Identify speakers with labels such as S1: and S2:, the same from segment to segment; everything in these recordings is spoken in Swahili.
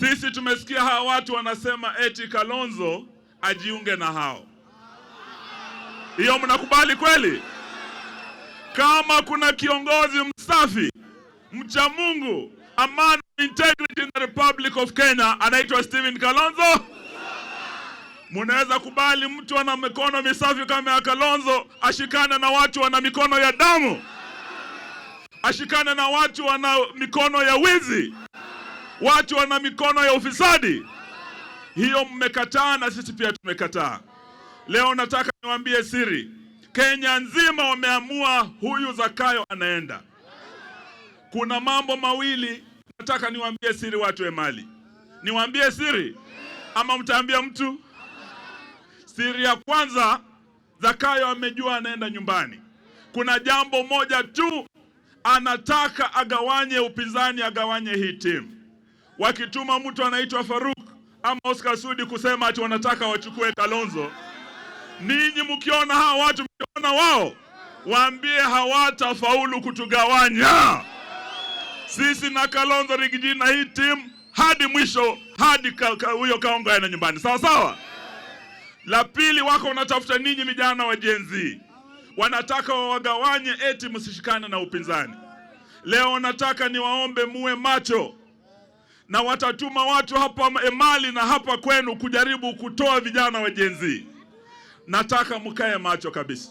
S1: Sisi tumesikia hawa watu wanasema eti Kalonzo ajiunge na hao. Hiyo mnakubali kweli? Kama kuna kiongozi msafi mcha Mungu, amani, integrity in the Republic of Kenya anaitwa Stephen Kalonzo. Munaweza kubali mtu ana mikono misafi kama ya Kalonzo ashikane na watu wana mikono ya damu, ashikane na watu wana mikono ya wizi watu wana mikono ya ufisadi hiyo mmekataa, na sisi pia tumekataa. Leo nataka niwaambie siri, Kenya nzima wameamua huyu Zakayo anaenda. Kuna mambo mawili nataka niwaambie siri, watu wa mali, niwaambie siri ama mtaambia mtu? Siri ya kwanza, Zakayo amejua anaenda nyumbani. Kuna jambo moja tu anataka agawanye upinzani, agawanye hii timu wakituma mtu anaitwa Faruk ama Oscar Sudi kusema ati wanataka wachukue Kalonzo. Ninyi mkiona hawa watu, mkiona wao, waambie hawatafaulu kutugawanya sisi na Kalonzo Rigiji na hii timu hadi mwisho, hadi huyo kaongo yana nyumbani, sawa sawa. La pili, wako wanatafuta ninyi vijana wa Gen Z, wanataka wawagawanye eti msishikane na upinzani. Leo nataka niwaombe muwe macho na watatuma watu hapa Emali na hapa kwenu kujaribu kutoa vijana wa Gen Z. Nataka mkae macho kabisa,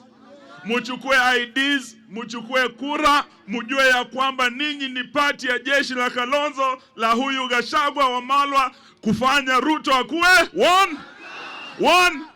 S1: muchukue IDs, muchukue kura, mjue ya kwamba ninyi ni pati ya jeshi la Kalonzo la huyu Gashagwa wa malwa kufanya Ruto akuwe one one